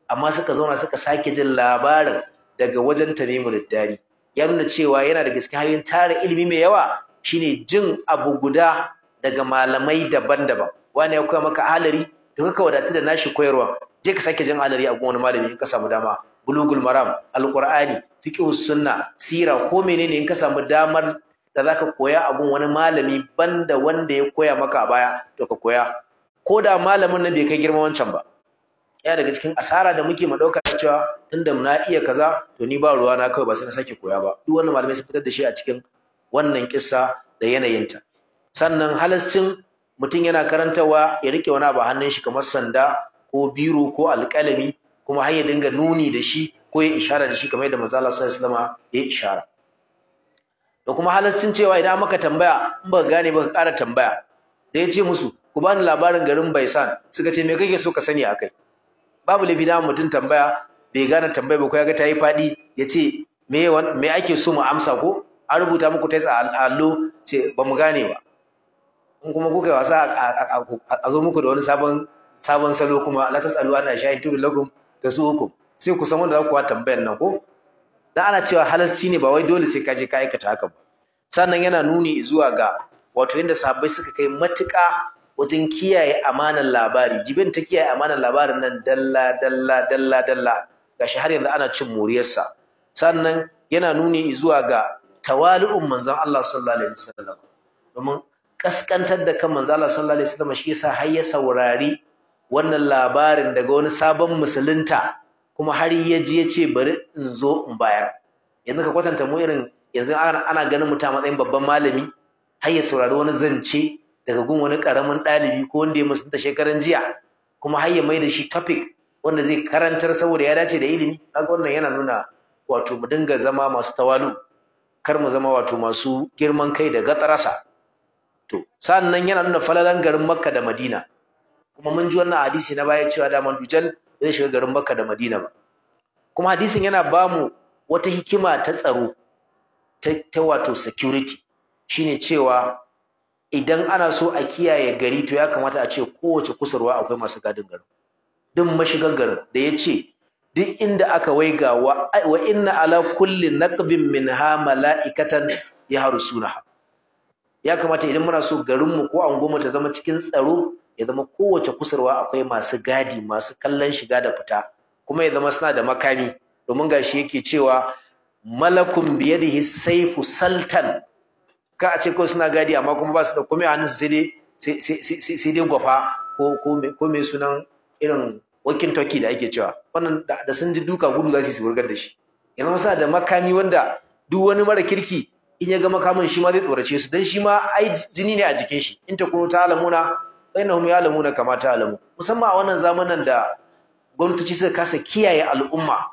amma suka zauna suka sake jin labarin daga wajen Tamimu Daddari ya nuna cewa yana da gaske hayan tara ilimi mai yawa shine jin abu guda daga malamai daban-daban wani ya koya maka alari to kuka wadata da nashi koyarwa je ka sake jin alari a wani malami in ka samu dama bulugul maram alqur'ani fiqhus sunna sira ko menene in ka samu damar da zaka koya abun wani malami banda wanda ya koya maka baya to ka koya ko da malamin nan bai kai girma wancan ba ya daga cikin asara da muke madauka cewa tunda na iya kaza to ni ba ruwa na kawai ba sai na sake koya ba duk wannan malamai sun fitar da shi a cikin wannan kissa da yanayinta sannan halascin mutum yana karantawa ya rike wani abu hannun shi kamar sanda ko biro ko alƙalami kuma har ya dinga nuni da shi ko ya ishara da shi kamar yadda manzo Allah sallallahu alaihi wasallam ya ishara da kuma halascin cewa idan maka tambaya in ba gane ba ka ƙara tambaya da ya ce musu ku bani labarin garin Baisan suka ce me kake so ka sani akai babu lafi da mutum tambaya bai gane tambaya ba ko ya ga ta yi faɗi ya ce me me ake so mu amsa ko an rubuta muku test a allo ce ba mu gane ba in kuma kuka wasa a zo muku da wani sabon sabon salo kuma la tasalu ana shayin tudu lakum da su sai ku san wanda za ku wa tambayan nan ko dan ana cewa halarci ne ba wai dole sai ka je ka aikata haka ba sannan yana nuni zuwa ga wato yadda sahabbai suka kai matuƙa wajen kiyaye amanar labari jibin ta kiyaye amanar labarin nan dalla dalla dalla dalla gashi har yanzu ana cin moriyarsa sannan yana nuni zuwa ga tawali'un manzon Allah sallallahu alaihi wasallam domin kaskantar da kan manzon Allah sallallahu alaihi wasallam shi yasa har ya saurari wannan labarin daga wani sabon musulunta kuma har ya ji ya ce bari in zo in bayar yanzu ka kwatanta mu irin yanzu ana ganin mu ta matsayin babban malami har ya saurari wani zance daga gun wani karamin ɗalibi ko wanda ya musanta shekaran jiya kuma har ya mai da shi topic wanda zai karantar saboda ya dace da ilimi kaga wannan yana nuna wato mu dinga zama masu tawalu kar mu zama wato masu girman kai da gatsarasa to sannan yana nuna falalan garin Makka da Madina kuma mun ji wannan hadisi na baya cewa da man dujan zai shiga garin Makka da Madina ba kuma hadisin yana ba mu wata hikima ta tsaro ta wato security shine cewa idan ana so a kiyaye gari to ya kamata a ce kowace kusurwa akwai masu gadin garin duk mashigan garin da ya ce duk inda aka waiga wa inna ala kulli naqbin minha mala'ikatan yahrusunaha ya kamata idan muna so garinmu ko mu ta zama cikin tsaro ya zama kowace kusurwa akwai masu gadi masu kallon shiga da fita kuma ya zama suna da makami domin gashi yake cewa malakun biyadihi saifu saltan ka a ce ko suna gadi amma kuma ba su da komai a hannunsu sai dai gwafa ko mai sunan irin wakin toki da ake cewa wannan da sun ji duka gudu za su yi su da shi ya zama suna da makami wanda duk wani mara kirki in ya ga makamin shi ma zai tsorace su Don shi ma ai jini ne a jikin shi in ta kuno ta alamuna fa innahum ya'lamuna kama ta'lamu musamman a wannan zamanin da gwamnati suka kasa kiyaye al'umma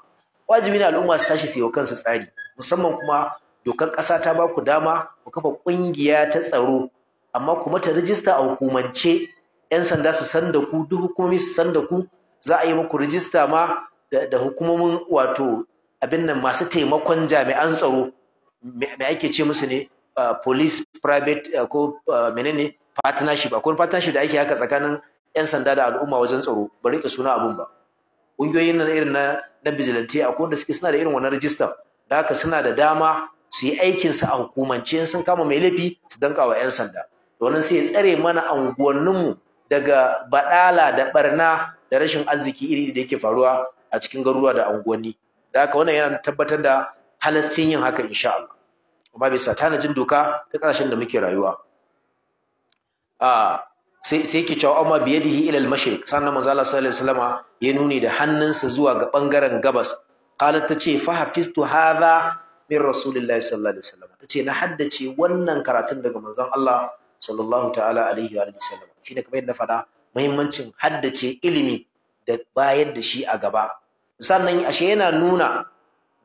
wajibi ne al'umma su tashi su yi kansu tsari musamman kuma dokar ƙasa ta ba ku dama ku kafa ƙungiya ta tsaro amma kuma ta rijista a hukumance 'yan sanda su san da ku duk hukumomi su san da ku za a yi muku rijista ma da hukumomin wato abin nan masu taimakon jami'an tsaro me ake ce musu ne ah, police private ah, ko ah, menene partnership akwai partnership da ake haka tsakanin yan sanda da al'umma wajen tsaro ba rike suna abun ba ƙungiyoyin nan irin na na vigilante akwai wanda suke suna da irin wannan register da haka suna da dama su yi aikin su a hukumance sun kama mai laifi su danka wa yan sanda wannan sai ya tsare mana mu daga badala da barna da rashin arziki iri da yake faruwa a cikin garuruwa da unguwanni da haka wannan yana tabbatar da halaccin yin haka insha Allah amma bisa tanajin doka ta ƙarshen da muke rayuwa Ah, sai sai ki cewa amma biyadihi ila al-mashriq sannan manzo Allah sallallahu alaihi wasallam ya nuni da hannunsa zuwa ga bangaren gabas ta tace fa hafiztu hadha min rasulillahi sallallahu alaihi Ta tace na haddace wannan karatun daga manzon Allah sallallahu ta'ala alaihi wa alihi wasallam shine kamar yadda faɗa muhimmancin haddace ilimi da bayar da shi a gaba sannan ashe yana nuna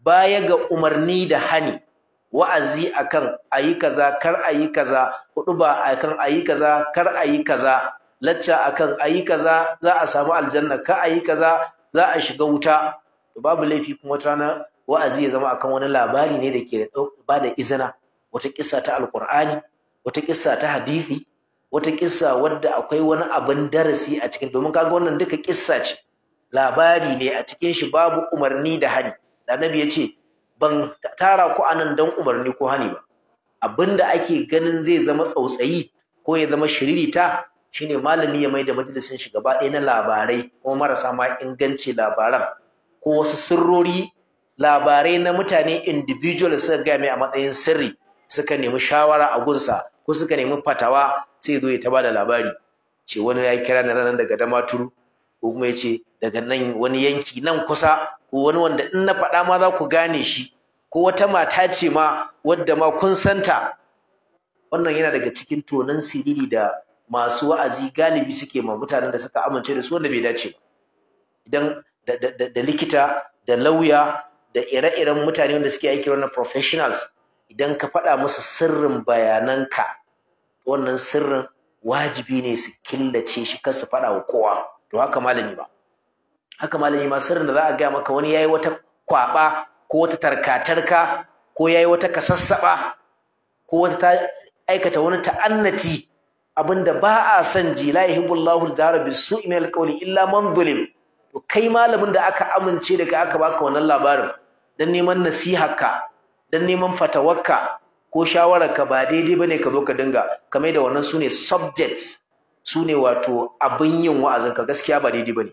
baya ga umarni da hani wa'azi akan ayi kaza kar ayi kaza huduba akan ayi kaza kar ayi kaza lacca akan ayi kaza za a samu aljanna ka ayi kaza za a shiga wuta babu laifi kuma wata na wa'azi ya zama akan wani labari ne da ke ba da izina wata kissa ta alqur'ani wata kissa ta hadisi wata kissa wadda akwai wani abin darasi a cikin domin kaga wannan duka kissa ce labari ne a cikin shi babu umarni da hani da nabi ya ce ban tara ku anan dan umarni ko hani ba abinda ake ganin zai zama tsautsayi ko ya zama shiririta shine malami ya maida da majalisin shi gaba ɗaya na labarai ko marasa ma inganci labaran ko wasu sirrori labarai na mutane individual suka gaya mai a matsayin sirri suka nemi shawara a gunsa ko suka nemi fatawa sai zo ya ta bada labari ce wani ya kira ni ranar daga damaturu ko kuma ya ce daga nan wani yanki nan kusa ko wani wanda in na faɗa ma za ku gane shi ko wata mata ce ma wadda ma kun santa wannan yana daga cikin tonan siriri da masu wa'azi galibi suke ma mutanen da suka amince da su wanda bai dace idan da likita da lauya da ire-iren mutane wanda suke aiki wannan professionals idan ka faɗa musu sirrin bayananka wannan sirrin wajibi ne su killace shi kar su faɗa wa kowa to haka malami ba haka malami ma sirrin da za a gaya maka wani yayi wata kwaba ko wata tarkatarka ko yayi wata kasassaba ko wata ta aikata wani ta'annati abinda ba a san ji la yuhibbullahu al dara bis-su'i min qawli illa man zulim to kai malamin da aka amince daga aka baka wannan labarin dan neman ka, dan neman fatawarka ko shawararka ba daidai bane ka zo ka dinga kamar da wannan sune subjects sune wato abin yin wa'azinka gaskiya ba daidai bane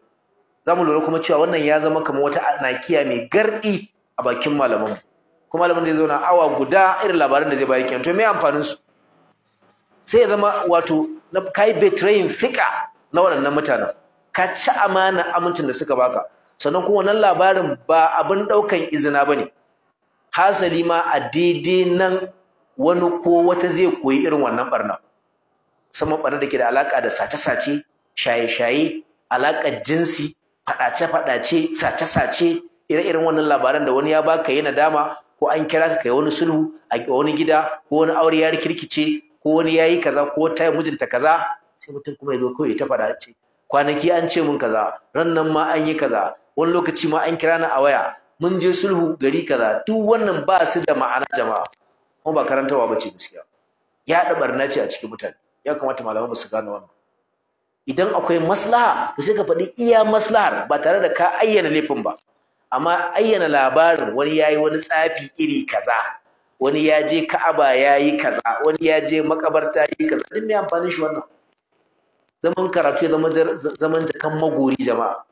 za mu lura kuma cewa wannan ya zama kamar wata nakiya mai garɗi a bakin malaman kuma malamin zai zauna awa guda irin labarin da zai bayar kenan to me amfanin su sai ya zama wato na kai betrayin fika na waɗannan mutanen ka ci amana amincin da suka baka sannan kuma wannan labarin ba abin ɗaukan izina bane hasali ma a daidai nan wani ko wata zai koyi irin wannan barna musamman barna da ke da alaka da sace-sace shaye-shaye alakar jinsi faɗace-faɗace sace-sace ire-iren wannan labaran da wani ya baka yi nadama ko an kira ka kai wani sulhu a wani gida ko wani aure ya rikirkice ko wani ya yi kaza ko ta yi mijinta kaza sai mutum kuma ya zo kawai ta faɗa ce kwanaki an ce mun kaza ran nan ma an yi kaza wani lokaci ma an kira ni a waya mun je sulhu gari kaza duk wannan ba su da ma'ana jama'a kuma ba karantawa ba ce gaskiya ya da barna ce a cikin mutane ya kamata malamai su gane wannan idan akwai maslaha to sai ka faɗi iya maslahar ba tare da ka ayyana laifin ba amma ayyana labarin wani yayi wani tsafi iri kaza wani ya je Ka'aba yayi kaza wani ya je makabarta yayi kaza duk mai amfanin shi wannan zaman karatu ya zama zaman jakan magori jama'a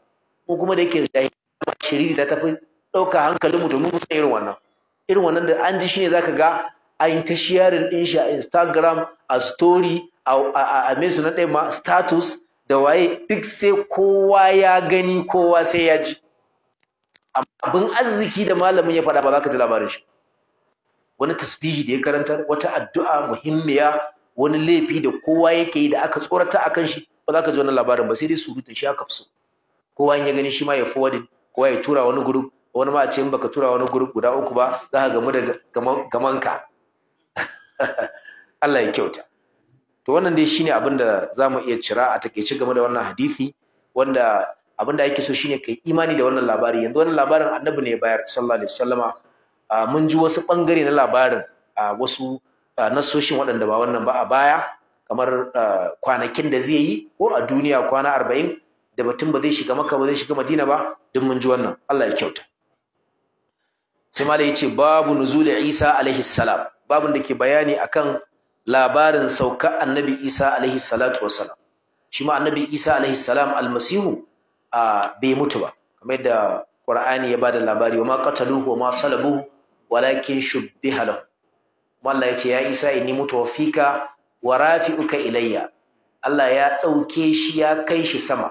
ko kuma da yake shiriri ta tafi ɗauka hankalin mu domin musan irin wannan irin wannan da an ji shine zaka ga an ta sharing insha shi a Instagram a story a a, a, na ɗaya ma status da waye duk sai kowa ya gani kowa sai ya ji abin arziki da malamin ya faɗa ba za ka ji labarin shi wani tasbihi da ya karanta wata addu'a muhimmiya wani laifi da kowa yake yi da aka tsorata akan shi ba za ka ji wannan labarin ba sai dai surutun shi aka fi kowa in ya gani shi ma ya forwardin kowa ya tura wani group wani ma a ce in baka tura wani gurub guda uku ba za ka gamu da gamanka Allah ya kyauta to wannan dai shine abin da zamu iya cira a takeice game da wannan hadisi wanda abin da ake so shine kai imani da wannan labari yanzu wannan labarin annabi ne bayar sallallahu alaihi wasallama ah, mun ji wasu bangare na labarin wasu nasoshin waɗanda ba wannan ba a baya kamar kwanakin da zai yi ko a duniya kwana arba'in da batun ba zai shiga maka ba zai shiga madina ba duk mun ji wannan allah ya kyauta sai malai ya ce babu nuzuli isa alaihi salam babun da ke bayani akan labarin sauka annabi isa alaihi salatu wasalam shi ma annabi isa alaihi salam almasihu a bai mutu ba kamar yadda qur'ani ya bada labari wa ma qataluhu wa ma salabuhu walakin shubbiha lahu wallahi yace ya isa inni mutawaffika wa rafi'uka ilayya Allah ya dauke shi ya kai shi sama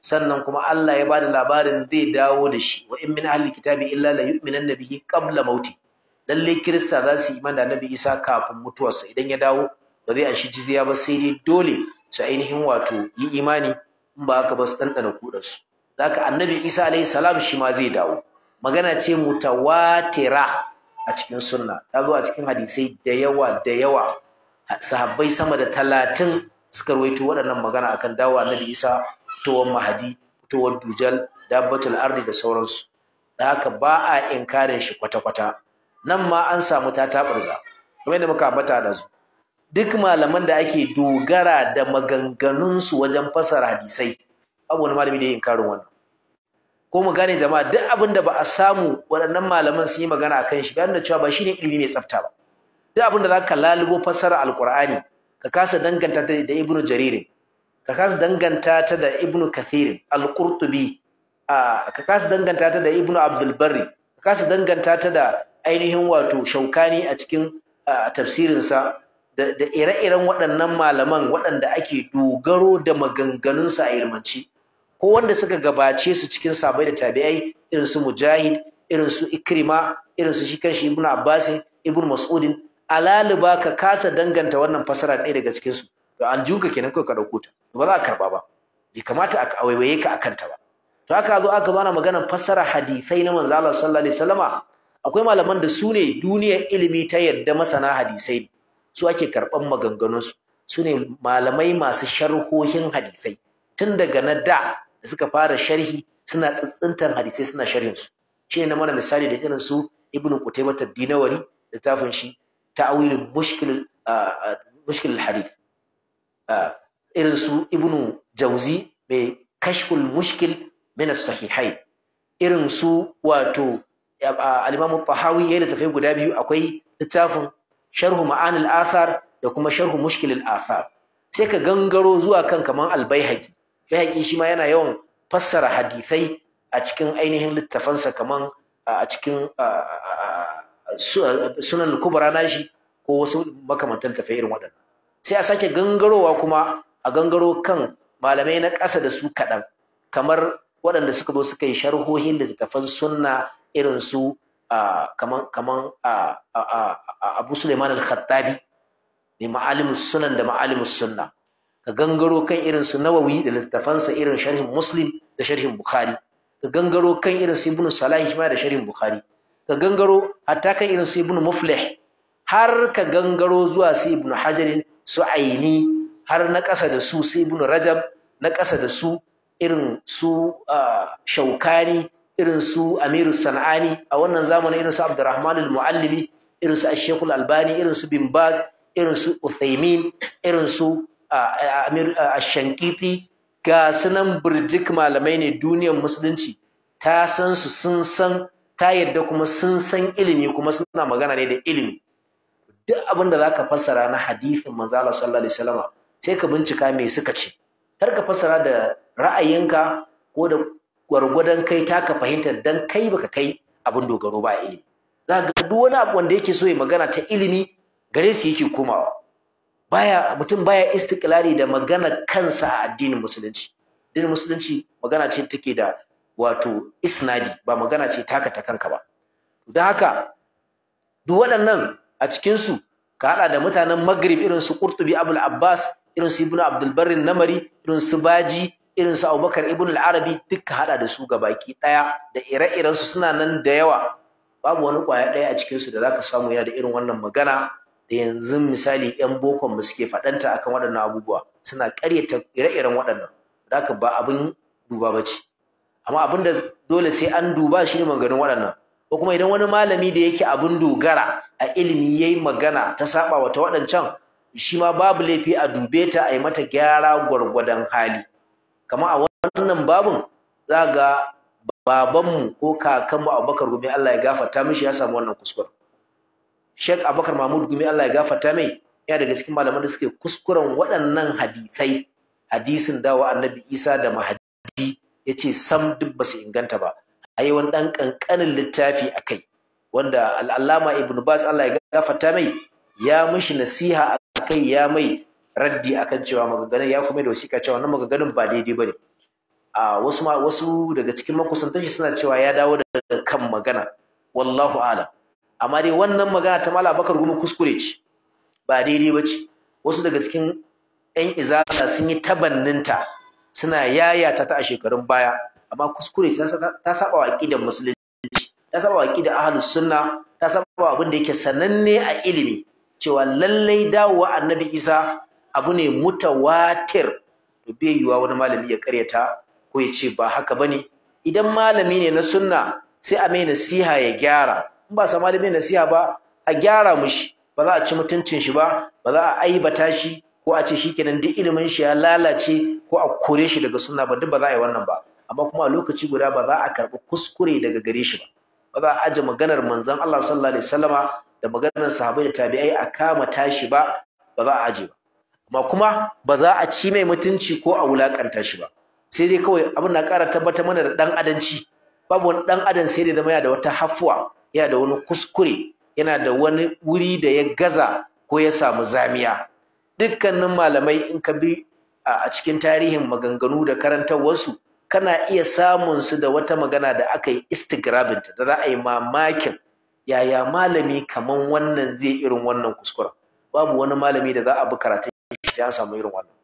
sannan kuma Allah ya bada labarin zai dawo da shi wa in min ahli kitabi illa la yu'minanna bihi qabla mauti lalle kirista za su yi iman da annabi isa kafin mutuwarsa idan ya dawo ba zai anshi jizya ba sai dai dole su ainihin wato yi imani in ba haka ba su ɗanɗana kuɗansu haka annabi isa alayhi salam shi ma zai dawo magana ce mutawatira a cikin sunna ta zo a cikin hadisai da yawa da yawa sahabbai sama da talatin suka rawaito waɗannan magana akan dawo annabi isa fitowar mahadi fitowar dujal dabbatul ardi da sauransu da haka ba a inkarin shi kwata-kwata nan ma an samu ta taɓarza kamar yadda muka ambata da su duk malaman da ake dogara da maganganunsu wajen fasara hadisai abu wani malami da ya karin wannan ko mu gane jama'a duk abin da ba a samu waɗannan malaman sun yi magana a kan shi gane da cewa ba shine ilimi mai tsafta ba duk abin da za ka lalubo fasara alkur'ani ka kasa danganta ta da ibnu jaririn ka kasa danganta ta da ibnu kathirin alqurtubi ka kasa danganta ta da ibnu abdul ka kasa danganta ta da ainihin wato shaukani a cikin tafsirinsa da ire-iren waɗannan malaman waɗanda ake dogaro da maganganunsa a ilmanci ko wanda suka gabace su cikin sabai da tabi'ai irin su mujahid irin su ikrima irin su shi kanshi ibnu abbasin ibnu mas'udin alaliba ka kasa danganta wannan fasara ɗaya daga cikin su to an juka kenan kai ka dauko ta ba za ka karba ba bai kamata a waiwaye ka akan ta ba to haka zo aka zo ana maganar fasara hadisai na manzo Allah sallallahu alaihi wasallama akwai malaman da su ne duniyar ilimi ta yadda masana hadisai su ake karɓan maganganunsu su ne malamai masu sharhohin hadisai tun daga na da da suka fara sharhi suna tsintsintar hadisai suna sharhinsu shi ne na mana misali da irin su ibnu qutaybah tadinawari dinawari littafin shi ta'awilul mushkil mushkil hadith irin su ibnu jauzi mai kashful mushkil min as-sahihain irin su wato al-Imam Tahawi ya littafi guda biyu akwai littafin Sharhu Ma'anil Athar da kuma Sharhu Mushkilil Athar sai ka gangaro zuwa kan kaman al-Baihaqi Baihaqi shi ma yana yawan fassara hadisai a cikin ainihin littafansa kaman a cikin sunan kubra nashi ko wasu makamantan tafi irin waɗannan sai a sake gangarowa kuma a gangaro kan malamai na ƙasa da su kaɗan kamar waɗanda suka zo suka yi sharhohin littattafan sunna irin su kaman Abu suleiman al-Khattabi ne ma'alimus sunan da ma'alimu sunna ka gangaro kan irin su Nawawi da littattafansa irin sharhin Muslim da sharhin Bukhari ka gangaro kan irin su Ibn Salah shi ma da sharhin Bukhari ka gangaro hatta kan irin su Ibn Muflih har ka gangaro zuwa su Ibn Hajar su Aini har na ƙasa da su su Ibn Rajab na ƙasa da su irin su shaukani irin su amiru san'ani a wannan zamanin irin su abdurrahman al-muallimi irin su ashekul albani irin su bin irin su uthaymin irin su ashankiti ga sunan birjik malamai ne duniyar musulunci ta san su sun san ta yadda kuma sun san ilimi kuma suna magana ne da ilimi duk abin da zaka fassara na hadithin manzo Allah sallallahu alaihi wasallam sai ka bincika me suka ce kar ka fassara da ra'ayinka ko da gwargwadon kai taka fahimtar dan kai baka kai abin dogaro ba ilimi za ga duk wani abu wanda yake so ya magana ta ilimi gare su yake komawa baya mutum baya istiklali da magana kansa a addinin musulunci addinin musulunci magana ce take da wato isnadi ba magana ce taka ta kanka ba don haka duk waɗannan a cikin su ka haɗa da mutanen Maghrib irin su Qurtubi Abul Abbas irin su Ibnu Abdul Barr Namari irin su Baji irin su Abubakar ibn al-Arabi duka hada da su gabaki daya da ire-iren su suna nan da yawa babu wani kwaya daya a cikin su da zaka samu yana da irin wannan magana da yanzu misali yan bokon mu suke fadanta akan waɗannan abubuwa suna ƙaryata ire-iren waɗannan zaka ba abin duba bace amma abin da dole sai an duba shi ne maganin waɗannan ko kuma idan wani malami da yake abin dogara a ilimi yayi magana ta saba wa ta waɗancan shi ma babu laifi a dube ta a yi mata gyara gwargwadon hali kama a wannan babun za ga babanmu ko kakanmu Abubakar Gumi Allah ya gafarta mishi ya samu wannan kuskuren Sheikh Abubakar Mahmud Gumi Allah ya gafarta mai ya daga cikin malaman da suke kuskuren waɗannan hadisai hadisin dawa Annabi Isa da Mahdi ce sam duk basu inganta ba ayi wani ɗan kankanin littafi akai wanda al-Allama Ibn Baz Allah ya gafarta mai ya mishi nasiha akai ya mai raddi akan cewa maganganun ya kuma da wasiƙa cewa wannan maganganun ba daidai bane a wasu ma wasu daga cikin makusantan shi suna cewa ya dawo daga kan magana wallahu alam amma dai wannan magana ta Malam Bakar Gumi kuskure ce ba daidai ba ce. wasu daga cikin ƴan izala sun yi tabanninta suna yayata ta a shekarun baya amma kuskure ta saba wa aqidar musulunci ta saba wa aqidar ahlus sunna ta saba wa abin da yake sananne a ilimi cewa lallai dawowa annabi Isa abu ne mutawatir to bai yiwa wani malami ya karyata ko ya ce ba haka bane idan malami ne na sunna sai a mai nasiha ya gyara in ba sa malami nasiha ba a gyara mushi ba za a ci mutuncin shi ba ba za a aibata shi ko a ce shi shikenan duk ilimin shi ya lalace ko a kore shi daga sunna ba duk ba za a yi wannan ba amma kuma a lokaci guda ba za a karɓi kuskure daga gare shi ba ba za a aje maganar manzon Allah sallallahu alaihi wasallama da maganar sahabbai da tabi'ai a kama tashi ba ba za a aje ba ba kuma ba za a ci mai mutunci ko a wulakanta shi ba sai dai kawai abin na ƙara tabbatar mana da ɗan adanci babu wani ɗan adan sai dai zama yana da wata hafuwa yana da wani kuskure yana da wani wuri da ya gaza ko ya samu zamiya dukkanin malamai in ka bi a cikin tarihin maganganu da karantarwarsu kana iya samun su da wata magana da aka yi ta da za a yi mamakin yaya malami kaman wannan zai irin wannan kuskuren babu wani malami da za a bi karatun shi sai an samu irin wannan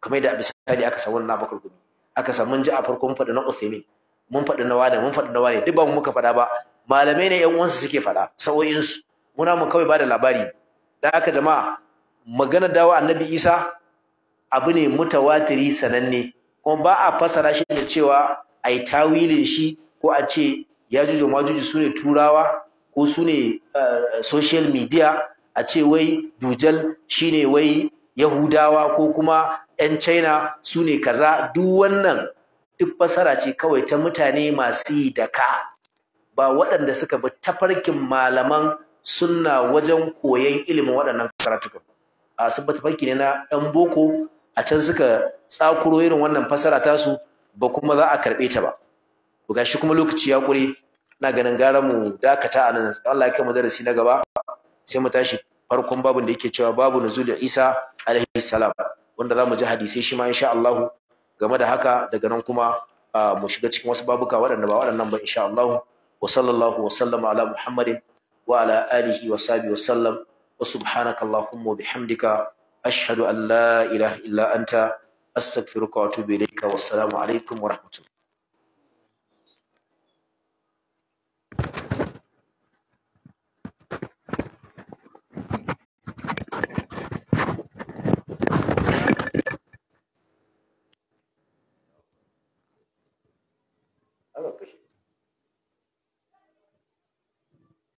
kamar da a sadi aka samu na bakar gumi aka samu ji a farko mun faɗi na Uthaymin mun faɗi na wani mun faɗi na wani duk ba mu muka faɗa ba malamai ne ƴan uwansu suke faɗa sa'o'insu muna mu kawai bada labari da aka jama'a magana dawo annabi Isa abu ne mutawatiri sananne kuma ba a fasara shi da cewa ai tawilin shi ko a ce yajuju majuju sune turawa ko sune eh, social media a ce wai dujal shine wai yahudawa ko kuma 'yan china su ne kaza duk wannan duk fasara ce kawai ta mutane masu yi da ka ba waɗanda suka bi tafarkin malaman suna wajen koyon ilimin waɗannan karatuka a sun ba tafarki ne na ɗan boko a can suka tsakuro irin wannan fasara tasu ba kuma za a karɓe ta ba to gashi kuma lokaci ya ƙure ina ganin gara mu dakata a nan Allah ya kai mu darasi na gaba sai mu tashi farkon babun da yake cewa babu nuzul Isa alaihi salam wanda zamu ji hadisi shi ma insha Allah game da haka daga nan kuma mu shiga cikin wasu babuka waɗanda ba waɗannan ba insha Allah wa sallallahu wa sallama ala Muhammadin wa ala alihi wa sahbihi wa sallam wa subhanaka allahumma wa bihamdika ashhadu an la ilaha illa anta astaghfiruka wa atubu ilayka wassalamu alaikum wa rahmatullahi